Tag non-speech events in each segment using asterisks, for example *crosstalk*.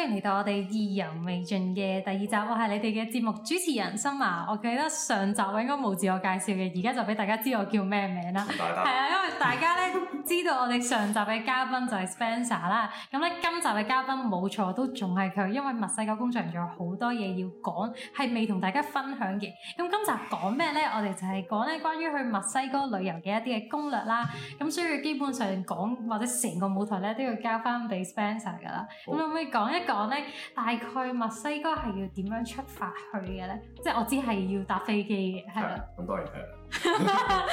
歡迎嚟到我哋義遊未盡嘅第二集，我係你哋嘅節目主持人森華。我記得上集我應該冇自我介紹嘅，而家就俾大家知道我叫咩名啦。係打啊，因為大家咧 *laughs* 知道我哋上集嘅嘉賓就係 Spencer 啦。咁咧今集嘅嘉賓冇錯都仲係佢，因為墨西哥工作營仲有好多嘢要講，係未同大家分享嘅。咁今集講咩咧？我哋就係講咧關於去墨西哥旅遊嘅一啲嘅攻略啦。咁所以基本上講或者成個舞台咧都要交翻俾 Spencer 噶啦。咁可唔可以講一？講咧，大概墨西哥係要點樣出發去嘅咧？即係我知係要搭飛機嘅，係啦。咁當然係啦，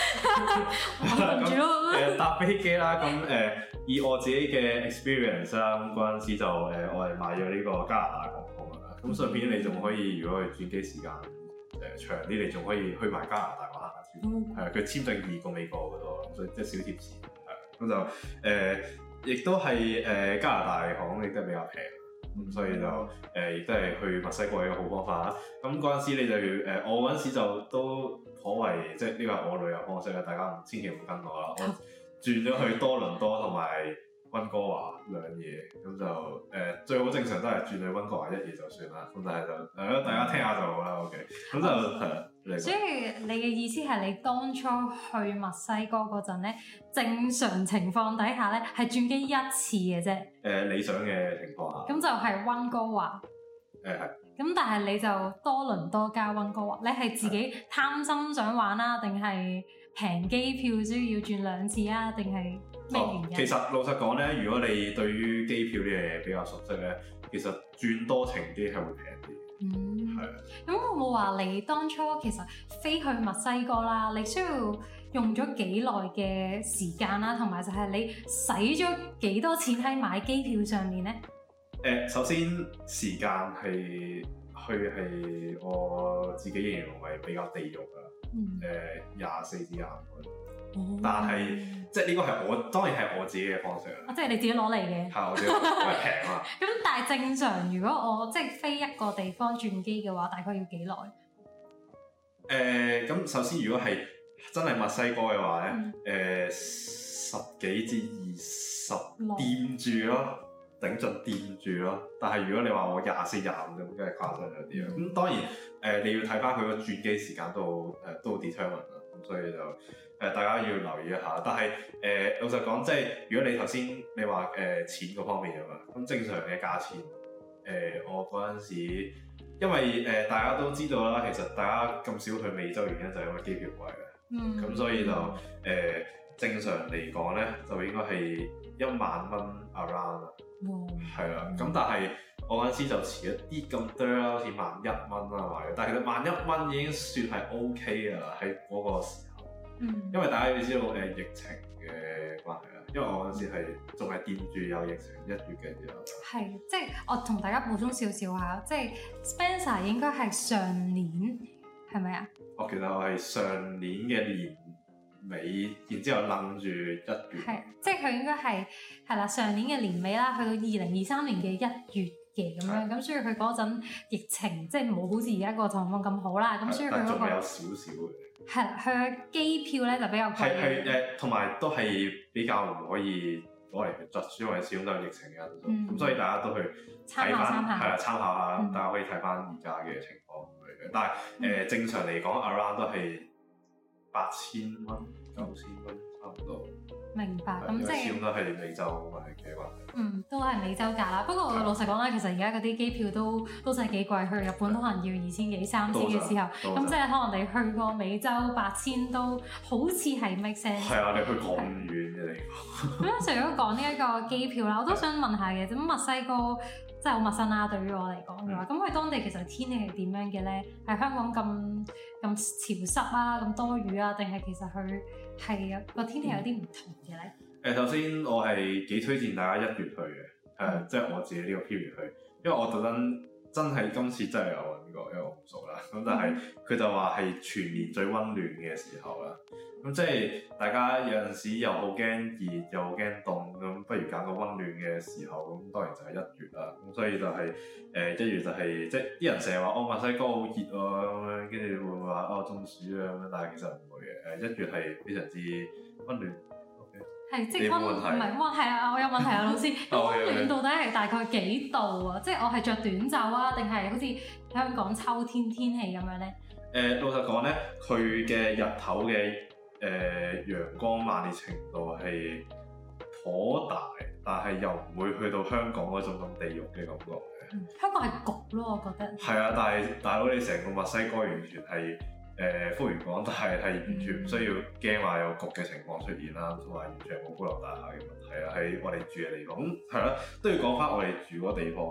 咁誒、呃、搭飛機啦。咁誒、呃、以我自己嘅 experience 啦，咁嗰陣時就誒我係買咗呢個加拿大航空啊。咁順便你仲可以，如果係轉機時間誒、呃、長啲，你仲可以去埋加拿大玩。下、嗯。啊、嗯，佢、呃、簽證易過美國好多，所以即係、就是、小貼士。係咁就誒亦都係誒加拿大航空，亦都係比較平。咁所以就誒亦，呃、都係去墨西哥嘅好方法啦。咁嗰陣時你就要誒、呃，我嗰陣時就都頗為即係呢個係我旅遊方式啦。大家千祈唔好跟我啦，我轉咗去多倫多同埋。温哥華兩夜咁就誒、呃、最好正常都係轉去温哥華一夜就算啦。咁但係就誒、呃、大家聽下就好啦。OK，咁就係啦。所以你嘅意思係你當初去墨西哥嗰陣咧，正常情況底下咧係轉機一次嘅啫。誒、呃、理想嘅情況啊。咁就係温哥華。誒咁、嗯、但係你就多倫多加温哥華，你係自己貪心想玩啦、啊，定係平機票需要轉兩次啊？定係？咩原因哦、其實老實講咧，如果你對於機票啲嘢比較熟悉咧，其實轉多程機係會平啲。嗯，係啊的。咁我冇話你當初其實飛去墨西哥啦，你需要用咗幾耐嘅時間啦、啊，同埋就係你使咗幾多錢喺買機票上面咧？誒、呃，首先時間係去係我自己認為比較地獄㗎。嗯。廿四至廿五。嗯、但係，即係呢個係我當然係我自己嘅方式啦。即係你自己攞嚟嘅。係，因為平嘛。咁 *laughs* 但係正常，如果我即係、就是、飛一個地方轉機嘅話，大概要幾耐？誒、呃，咁首先如果係真係墨西哥嘅話咧，誒、嗯呃、十幾至二十掂住咯，頂盡掂住咯。但係如果你話我廿四廿五咁，梗係誇張咗啲啦。咁當然，誒、呃、你要睇翻佢個轉機時間都誒、呃、都好 determine。所以就誒、呃，大家要留意一下。但係誒、呃，老實講，即係如果你頭先你話誒、呃、錢嗰方面吖嘛，咁正常嘅價錢誒、呃，我嗰陣時，因為誒、呃、大家都知道啦，其實大家咁少去美洲原因就係因為機票貴嘅，咁、嗯、所以就誒、呃嗯、正常嚟講咧，就應該係一萬蚊 around 啦、嗯，係啦。咁但係我嗰陣時就遲一啲咁多啦，好似萬一蚊啊嘛，但係其實萬一蚊已經算係 O K 嘅啦，喺嗰個時候。嗯。因為大家你知道誒疫情嘅關係啦，因為我嗰陣時係仲係掂住有疫情一月嘅時候。係，即係我同大家補充少少吓，即係 Spencer 應該係上年，係咪啊？我其實我係上年嘅年尾，然之後諗住一月。係，即係佢應該係係啦上年嘅年尾啦，去到二零二三年嘅一月。嗯。咁樣咁，嗯、所以佢嗰陣疫情、嗯、即係冇好似而家個狀況咁好啦。咁所以佢、嗰個嗯、有少少嘅，係啦，佢機票咧就比較係係誒，同埋、呃、都係比較唔可以攞嚟作，judge，因為始終都有疫情嘅因素。咁、嗯、所以大家都去參考下參考下，係啊，參考下、嗯、大家可以睇翻而家嘅情況嚟嘅。嗯、但係誒、呃，正常嚟講，around 都係八千蚊、九千蚊差唔多。明白，咁、嗯、即係。全部都係美洲嘅話。嗯，都係美洲價啦。的不過的老實講啦，其實而家嗰啲機票都都真係幾貴，去日本都可能要二千幾、三千嘅時候。咁的即係可能你去過美洲八千都好似係 make sense。係啊，你去咁遠嘅地方。咁樣，除咗講呢一個機票啦，我都想問下嘅，咁墨的西哥。真係好陌生啦、啊，對於我嚟講嘅話，咁佢、嗯、當地其實天氣係點樣嘅咧？係香港咁咁潮濕啊，咁多雨啊，定係其實佢係個天氣有啲唔同嘅咧？誒、嗯呃，首先我係幾推薦大家一月去嘅，誒、嗯呃，即係我自己呢個 period 去，因為我特登。真係今次真係有揾過，因為我唔熟啦。咁但係佢就話、是、係、嗯、全年最溫暖嘅時候啦。咁即係大家有陣時又好驚熱，又好驚凍，咁不如揀個溫暖嘅時候。咁當然就係一月啦。咁所以就係、是、誒、呃、一月就係即係啲人成日話哦墨西哥好熱啊，咁樣，跟住會話哦中暑啊咁樣，但係其實唔會嘅。誒一月係非常之溫暖。係即係溫唔係哇，係啊！我有問題啊，老師，溫 *laughs* 暖到底係大概幾度啊？ *laughs* 即係我係着短袖啊，定係好似香港秋天天氣咁樣咧？誒、呃，老實講咧，佢嘅日頭嘅誒陽光猛烈程度係頗大，但係又唔會去到香港嗰種咁地獄嘅感覺嘅、嗯。香港係焗咯，我覺得。係、嗯、啊，但係大佬你成個墨西哥完全係。誒，幅員廣大係完全唔需要驚話有焗嘅情況出現啦，同埋完全冇高樓大廈嘅問題啊。喺我哋住嘅地方，咁啦，都要講翻我哋住嗰地方，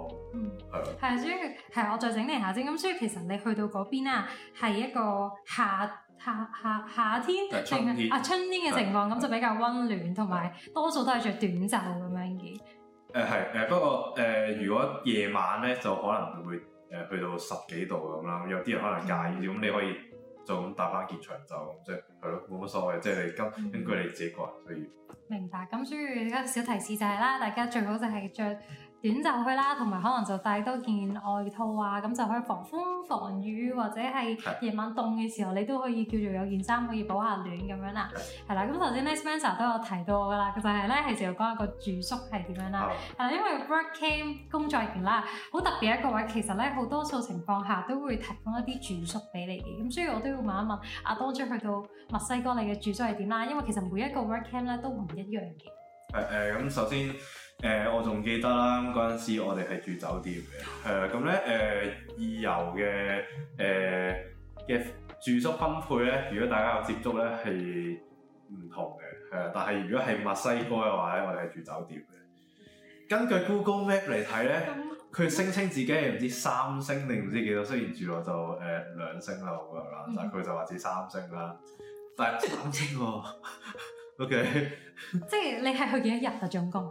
係啦，係，所以係我再整理下先。咁所以其實你去到嗰邊啊，係一個夏夏夏夏天嘅情況啊，春天嘅情況咁就比較温暖，同埋多數都係着短袖咁樣嘅。誒係誒，不過誒，如果夜晚咧就可能會誒去到十幾度咁啦，有啲人可能介意咁，你可以。就咁搭返件長袖，即係咯，冇乜所謂。就即係你跟根據你自己個人需要。所以明白。咁所以而家小提示就係啦，大家最好就係着。短袖去啦，同埋可能就帶多件外套啊，咁就可以防風防雨，或者係夜晚凍嘅時候，你都可以叫做有件衫可以保下暖咁樣啦。係啦的，咁頭先咧 Spencer 都有提到㗎啦，就係咧係時候講下個住宿係點樣啦。係啦好，因為 work camp 工作營啦，好特別一個位，其實咧好多數情況下都會提供一啲住宿俾你嘅。咁所以我都要問一問阿當主去到墨西哥你嘅住宿係點啦？因為其實每一個 work camp 咧都唔一樣嘅。誒誒，咁、呃嗯、首先。誒、呃，我仲記得啦。嗰陣時，我哋係住酒店嘅。誒、呃，咁咧誒，義遊嘅誒嘅住宿分配咧，如果大家有接觸咧，係唔同嘅。係、呃、啊，但係如果係墨西哥嘅話咧，我哋係住酒店嘅。根據 Google Map 嚟睇咧，佢聲稱自己係唔知三星定唔知幾多，雖然住落就誒、呃、兩星樓㗎啦，但係佢就話至三星啦，但係三星喎。 *laughs* O.K. 即係你係去幾多日啊？總共？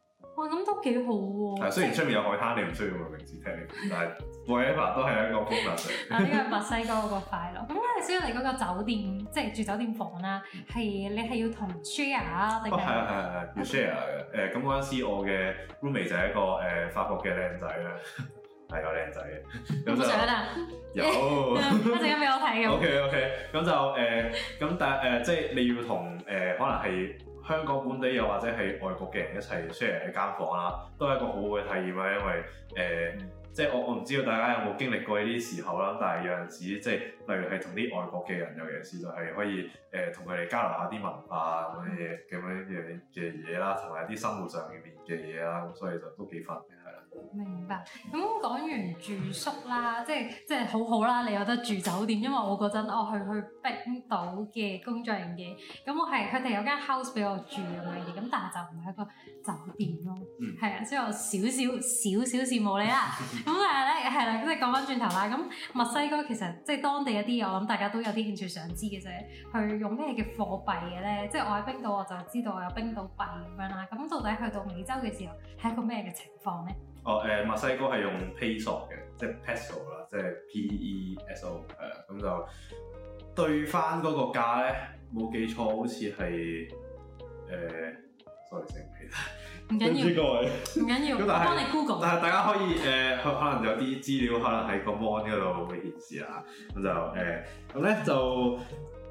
哇，咁都幾好喎！係、啊、雖然出面有海灘，即你唔需要個名字聽，但係維也納都係一個高價呢個係墨西哥嗰個快樂。咁咧，先嚟嗰個酒店，即係住酒店房啦，係你係要同 share、哦、啊？定係？哦，係啊，係、呃呃嗯、啊，係、嗯，要 share 嘅。誒，咁嗰陣時我嘅 roommate 就係一個誒法國嘅靚仔啦，係個靚仔嘅。有冇相啊？有， *laughs* 一陣間俾我睇嘅。OK，OK，okay, okay，咁就誒，咁但係誒，即係你要同誒、呃，可能係。香港本地又或者係外國嘅人一齊 share 一間房啦，都係一個好好嘅體驗啊！因為誒、呃、即係我我唔知道大家有冇經歷過呢啲時候啦，但係有陣時即係例如係同啲外國嘅人，有陣時就係可以誒同佢哋交流下啲文化咁嘅嘢，咁樣樣嘅嘢啦，同埋一啲生活上嘅面嘅嘢啦，咁所以就都幾 f 明白，咁講完住宿啦，即係即係好好啦，你有得住酒店，因為我嗰陣我去去冰島嘅工作營嘅，咁我係佢哋有間 house 俾我住咁樣嘅，咁但係就唔係一個酒店咯，係啊、嗯，所以我少少少少羨慕你啦，咁但係咧係啦，咁你講翻轉頭啦，咁墨西哥其實即係當地一啲我諗大家都有啲興趣想知嘅啫，去用咩嘅貨幣嘅咧，即係我喺冰島我就知道我有冰島幣咁樣啦，咁到底去到美洲嘅時候係一個咩嘅情況咧？哦，誒、呃，墨西哥係用 peso 嘅，即係 peso 啦，即係 P-E-S-O，誒，咁、嗯、就對翻嗰個價咧，冇記錯好似、嗯、係誒，sorry，記唔起啦，唔緊要，唔緊要，咁但係幫你 Google，但係大家可以誒、呃，可能有啲資料可能喺個 mon 嗰度會顯示啦，咁就誒，咁、嗯、咧就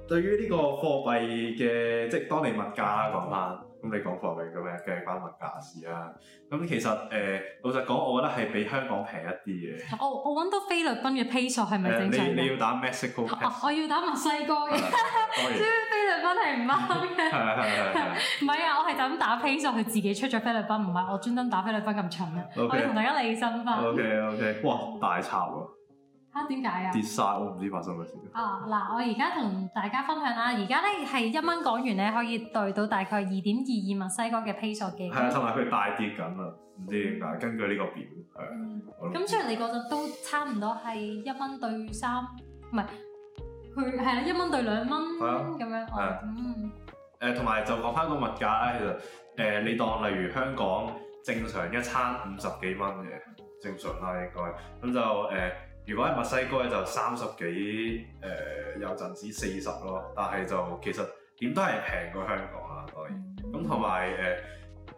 對於呢個貨幣嘅即係當地物價講返。嗯咁你講貨幣咁樣嘅關物價事啦、啊。咁其實誒、呃，老實講，我覺得係比香港平一啲嘅。Oh, 我我揾到菲律賓嘅 peso 係咪正常、呃你？你要打墨西哥？我要打墨西哥嘅，所以菲律賓係唔啱嘅。係係係。唔係啊，我係咁打 peso 佢自己出咗菲律賓，唔係我專登打菲律賓咁蠢啊！Okay. 我同大家理身翻。OK OK，哇大插㗎、啊！嚇，點解啊？跌晒，我唔知發生咩事。啊嗱，我而家同大家分享啦。而家咧係一蚊港元咧可以兌到大概二點二二墨西哥嘅 peso 嘅。係啊，同埋佢大跌緊啊，唔知點解。根據呢個表係。咁雖然你覺得都差唔多係一蚊兌三，唔係佢係啦一蚊兌兩蚊咁樣。係、啊。哦、嗯。誒同埋就講翻個物價啦，其實誒、呃、你當例如香港正常一餐五十幾蚊嘅正常啦應該，咁就誒。呃如果喺墨西哥咧，就三十幾，誒有陣時四十咯。但係就其實點都係平過香港啦，當然。咁同埋誒，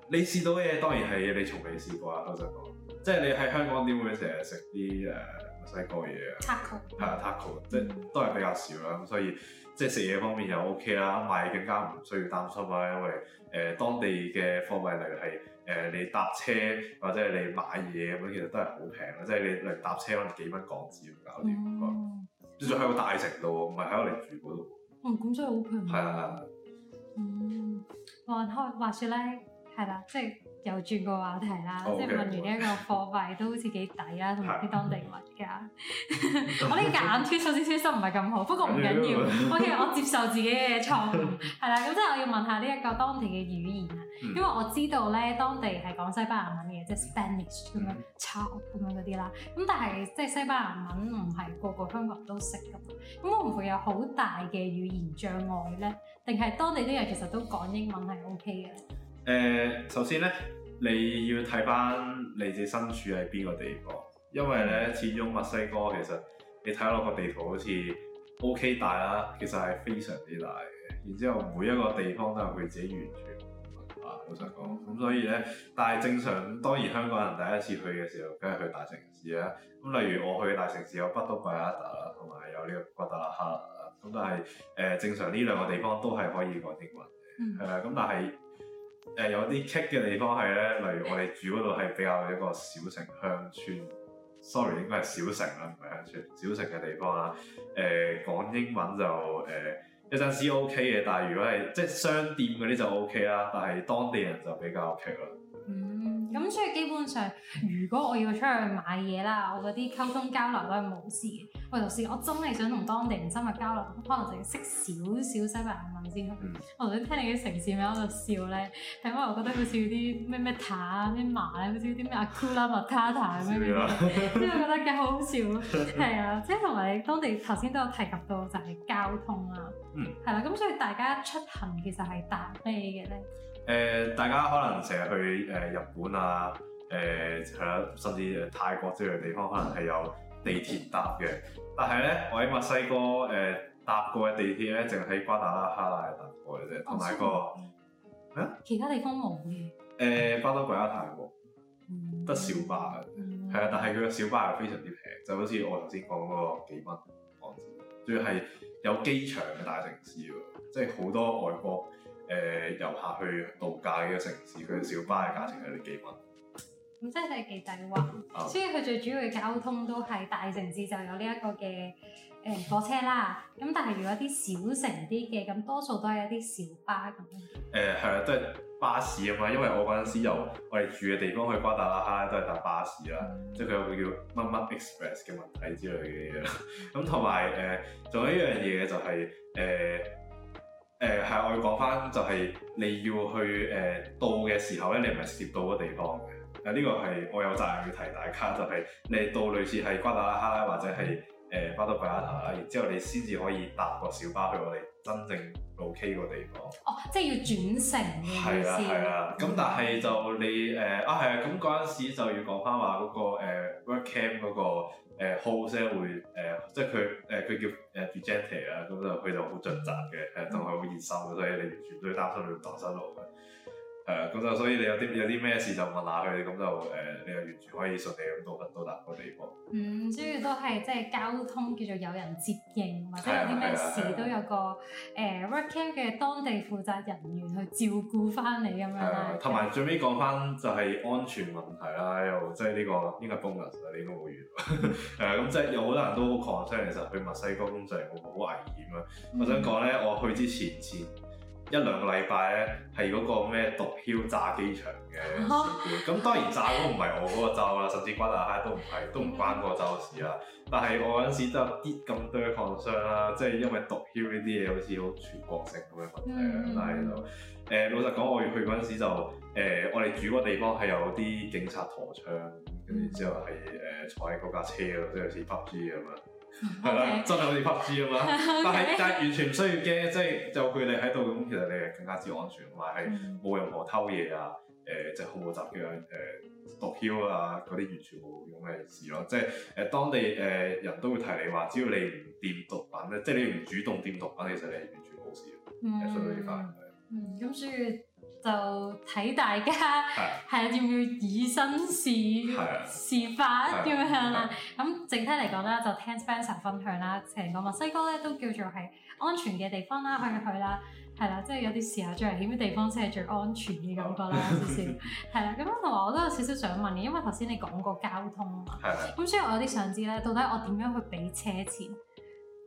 你試到嘅嘢當然係你從未試過，過、呃、球啊，老實講。即係你喺香港點會成日食啲誒墨西哥嘢啊？Taco 係啊，Taco 即係都係比較少啦。咁所以即係食嘢方面又 OK 啦，買更加唔需要擔心啊，因為誒、呃、當地嘅貨幣嚟嘅係。誒，你搭車或者係你買嘢咁，其實都係好平咯，即、就、係、是、你嚟搭車可能幾蚊港紙就搞掂、嗯嗯。嗯，即係喺個大城度，唔係喺我哋住嗰度。嗯，咁所以好配合。係係嗯，話開話説咧，係啦，即係又轉個話題啦，即係、oh, okay, 問完呢一個貨幣 okay. 都好似幾抵啦，同埋啲當地物價。 *laughs* 我呢個眼出少少唔係咁好，不過唔緊要，OK，我接受自己嘅錯誤。係啦， *laughs* 咁即係我要問下呢一個當地嘅語言。因為我知道咧，當地係講西班牙文嘅，即係 Spanish 咁樣，Chao 咁、嗯、樣嗰啲啦。咁但係即係西班牙文唔係個個香港人都識㗎嘛。咁我唔會有好大嘅語言障礙咧，定係當地啲人其實都講英文係 OK 嘅？誒、呃，首先咧，你要睇返你自己身處喺邊個地方，因為咧，始終墨西哥其實你睇落個地圖好似 OK 大啦，其實係非常之大嘅。然之後每一個地方都有佢自己完全。好想講，咁、嗯、所以咧，但係正常，當然香港人第一次去嘅時候，梗係去大城市啦。咁、嗯、例如我去大城市有北都怪阿達啦，同埋有呢個國泰客啦。咁但係誒、呃、正常呢兩個地方都係可以講英文嘅，係啦、嗯。咁但係誒、呃、有啲棘嘅地方係咧，例如我哋住嗰度係比較一個小城鄉村，sorry 應該係小城啦，唔係鄉村，小城嘅地方啦。誒、呃、講英文就誒。呃有陣時 OK 嘅，但係如果係即係商店嗰啲就 OK 啦，但係當地人就比較 OK 啦。嗯。咁所以基本上，如果我要出去買嘢啦，我嗰啲溝通交流都係冇事嘅。喂，同事，我真係想同當地人深入交流，可能淨係識少少西班牙文先。嗯、我頭先聽你嘅城市名喺度笑咧，係因為我覺得好似啲咩咩塔咩咩麻咧，好似啲咩阿庫拉物塔塔咁樣嘅，所以我覺得幾好笑。係啊，即係同埋當地頭先都有提及到就係、是、交通啊，係啦、嗯。咁所以大家出行其實係搭咩嘅咧？誒、呃，大家可能成日去誒、呃、日本啊，誒係啦，甚至泰國之類嘅地方，可能係有地鐵搭嘅。但係咧，我喺墨西哥誒、呃、搭過嘅地鐵咧，淨係喺瓜達拉哈拉搭過嘅啫，同埋、啊那個、啊、其他地方冇嘅。誒、呃，巴多貴拉泰國，得、嗯、小巴嘅，啊、嗯。但係佢嘅小巴又非常之平，就好似我頭先講嗰個幾蚊港紙。要、就、係、是、有機場嘅大城市喎，即係好多外國，誒、呃、遊客去度假嘅城市，佢小巴嘅價錢係幾蚊？咁真係幾抵喎！嗯、所以佢最主要嘅交通都係大城市就有呢一個嘅誒、呃、火車啦。咁但係如果啲小城啲嘅，咁多數都係一啲小巴咁。誒係啊，都係巴士啊嘛。因為我嗰陣時由我哋住嘅地方去瓜達拉哈，都係搭巴士啦。嗯、即係佢有個叫乜乜 Express 嘅問題之類嘅嘢咁，同埋誒，仲、 *laughs* 嗯嗯、有一樣嘢就係、是、誒。呃誒係、呃，我要講返就係、是、你要去誒、呃、到嘅時候咧，你唔係涉到嗰地方嘅。啊、呃，呢、這個係我有責任要提大家，就係、是、你到類似係瓜達拉哈拉或者係。誒，Puerto Vallarta 啦，然之後你先至可以搭個小巴去我哋真正 o K 個地方。哦，即係要轉乘嘅意思。係啦係啦，咁、啊啊嗯、但係就你誒啊係啊，咁嗰陣時就要講翻話嗰個誒、呃、Workcamp 嗰、那個誒、呃、host 會誒、呃，即係佢誒佢叫誒 Vicente 啊，咁、呃呃、就佢就好盡責嘅，誒同埋好熱心嘅，所以你完全都要擔心你會搭錯路嘅。誒，咁就所以你有啲有啲咩事就問下佢，咁就誒，你又完全可以順利咁到到達個地方。嗯，主要都係即係交通叫做有人接應，或者有啲咩事、啊啊啊、都有個誒、呃、work camp 嘅當地負責人員去照顧翻你咁樣啦。同埋、啊、最尾講翻就係安全問題啦，又即係呢個呢個崩啦，應 bonus, 你應該冇遇。誒、 *laughs* 啊，咁即係有好多人都好狂聲，其實去墨西哥咁就係好危險啊！嗯、我想講咧，我去之前先。一兩個禮拜咧，係嗰個咩毒梟炸機場嘅，咁、啊、當然炸都唔係我嗰個州啦，甚至關大哈都唔係，都唔關嗰個州事啦。嗯、但係我嗰陣時真啲咁多嘅創傷啦，即係因為毒梟呢啲嘢好似好全國性咁嘅問題啦。嗯、但係就誒老實講，我要去嗰陣時就誒、呃、我哋住嗰地方係有啲警察陀槍，跟住之後係誒、呃、坐喺嗰架車度即係好似 PUBG 咁樣。係啦，真係好似拍豬咁啊！但係但係完全唔需要驚，即係就佢哋喺度咁，其實你係更加之安全，同埋係冇任何偷嘢啊、誒即係浩劫嘅誒毒梟啊嗰啲完全冇咁嘅事咯。即係誒當地誒人都會提你話，只要你唔掂毒品咧，即係你唔主動掂毒品，其實你係完全冇事嘅，嗯、所以你放心。嗯，咁所以。就睇大家係要唔要以身試試法，點樣啦？咁發 *laughs* 吧整體嚟講啦，就聽 s, Spencer 分享啦。成個墨西哥咧都叫做係安全嘅地方啦，可以去去啦。係啦，即係有啲時候最危險嘅地方先係最安全嘅感覺啦， *laughs* 少少係啦。咁同埋我都有少少想問嘅，因為頭先你講過交通啊嘛，咁吧所以我有啲想知咧，到底我點樣去俾車錢？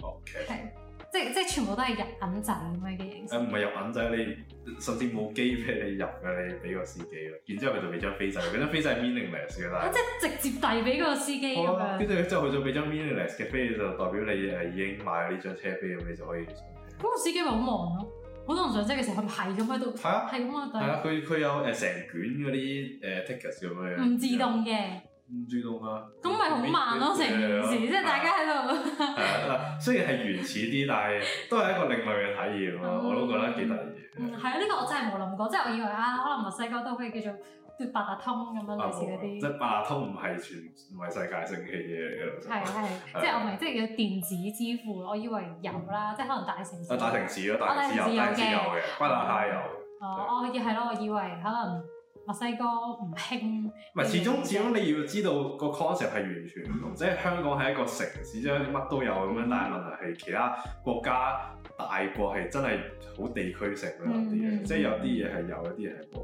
好 Okay，係。即係即係全部都係入銀仔咁樣嘅形式。唔係入銀仔，你甚至冇機俾你入嘅，你俾個司機咯。然之後佢就俾張飛仔，嗰張飛仔係 meaningless 嘅，但即係直接遞俾個司機。跟住之後佢就俾張 meaningless 嘅飛，就代表你係已經買咗呢張車飛咁，你就可以上車。個司機咪好忙咯，好 *music* 多人上車嘅時候佢係咁喺度。係啊，係咁啊。係啊，佢佢有誒成卷嗰啲誒 tickets 咁樣。唔自動嘅。 *music* 唔知道嘛，咁咪好慢咯，成件事，即係大家喺度。係雖然係原始啲，但係都係一個另類嘅體驗咯。我都覺得幾得意。嗯，係啊，呢個我真係冇諗過，即係我以為啊，可能墨西哥都可以叫做八達通咁樣類似嗰啲。即係八達通唔係全唔係世界性嘅嘢。係係，即係我咪即係叫電子支付，我以為有啦，即係可能大城市。大城市咯，大城市有，大城市有嘅，加拿大有。哦哦，係咯，我以為可能。墨西哥唔興，唔係始終始終你要知道個 concept 係完全唔同，即係香港係一個城市，即係乜都有咁樣。但係問題係其他國家大國係真係好地區性嘅啲嘢，即係有啲嘢係有，有啲嘢係冇，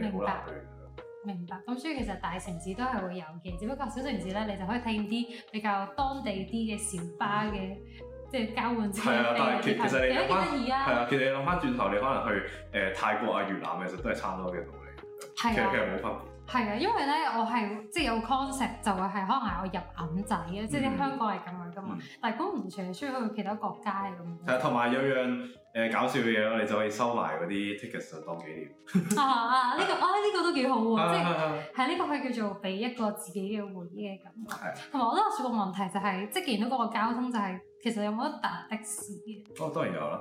你好難去。明白。明白。咁所以其實大城市都係會有嘅，只不過小城市咧，你就可以體驗啲比較當地啲嘅小巴嘅，即係交換。係啊，但係。其實你諗翻，係啊，其實你諗翻轉頭，你可能去誒泰國啊、越南，其實都係差唔多嘅道理。係啊，係啊，因為咧，我係即係有 concept，就會係可能係我入銀仔咧，嗯、即係香港係咁樣噶嘛。嗯、但係咁唔傳出去其他國家咁。係、呃、啊，同埋有樣誒搞笑嘅嘢，你就可以收埋嗰啲 tickets 當紀念、 *laughs* 啊這個。啊、這個、 *laughs* 啊！呢個是啊呢個都幾好喎，即係係呢個可以叫做俾一個自己嘅回憶咁。係、啊。同埋我都話說個問題就係、是，即係見到嗰個交通就係、是、其實有冇得搭的士哦、啊，當然有啦。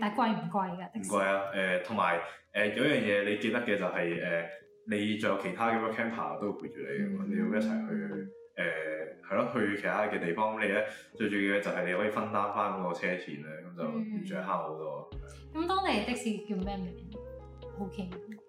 但、okay, 貴唔貴嘅？唔貴啊！誒、呃，同埋誒有、呃、有一樣嘢你記得嘅就係、是、誒、呃，你仲有其他幾個 camper、er、都會陪住你，嗯、你要一齊去誒係咯，去其他嘅地方。你咧最重要嘅就係你可以分擔翻嗰個車錢咁就唔使慳好多。咁、嗯嗯嗯、當你的士叫咩名好 k、okay.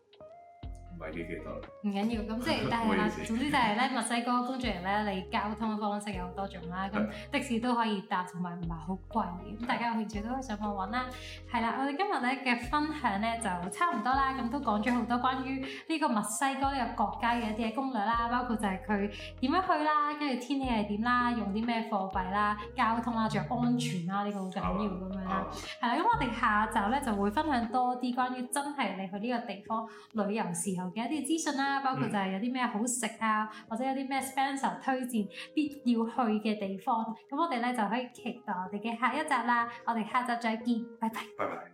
唔緊要，咁即係，但係啦， *laughs* 意總之就係、是、咧，墨西哥工作人咧，你交通嘅方式有好多種啦，咁、啊嗯、的士都可以搭，同埋唔係好貴，咁、啊、大家下次都可以上網揾啦。係、啊、啦，我哋今日咧嘅分享咧就差唔多啦，咁、啊、都講咗好多關於呢個墨西哥呢個國家嘅一啲嘅攻略啦，包括就係佢點樣去啦，跟住天氣係點啦，用啲咩貨幣啦，交通啦，仲有安全啦，呢個好緊要咁樣啦。係、啊、啦，咁、啊、我哋下集咧就會分享多啲關於真係你去呢個地方旅遊時候，有啲資訊啦，包括就係有啲咩好食啊，或者有啲咩 special 推薦必要去嘅地方，咁我哋呢就可以期待我哋嘅下一集啦。我哋下集再見，拜拜，拜拜。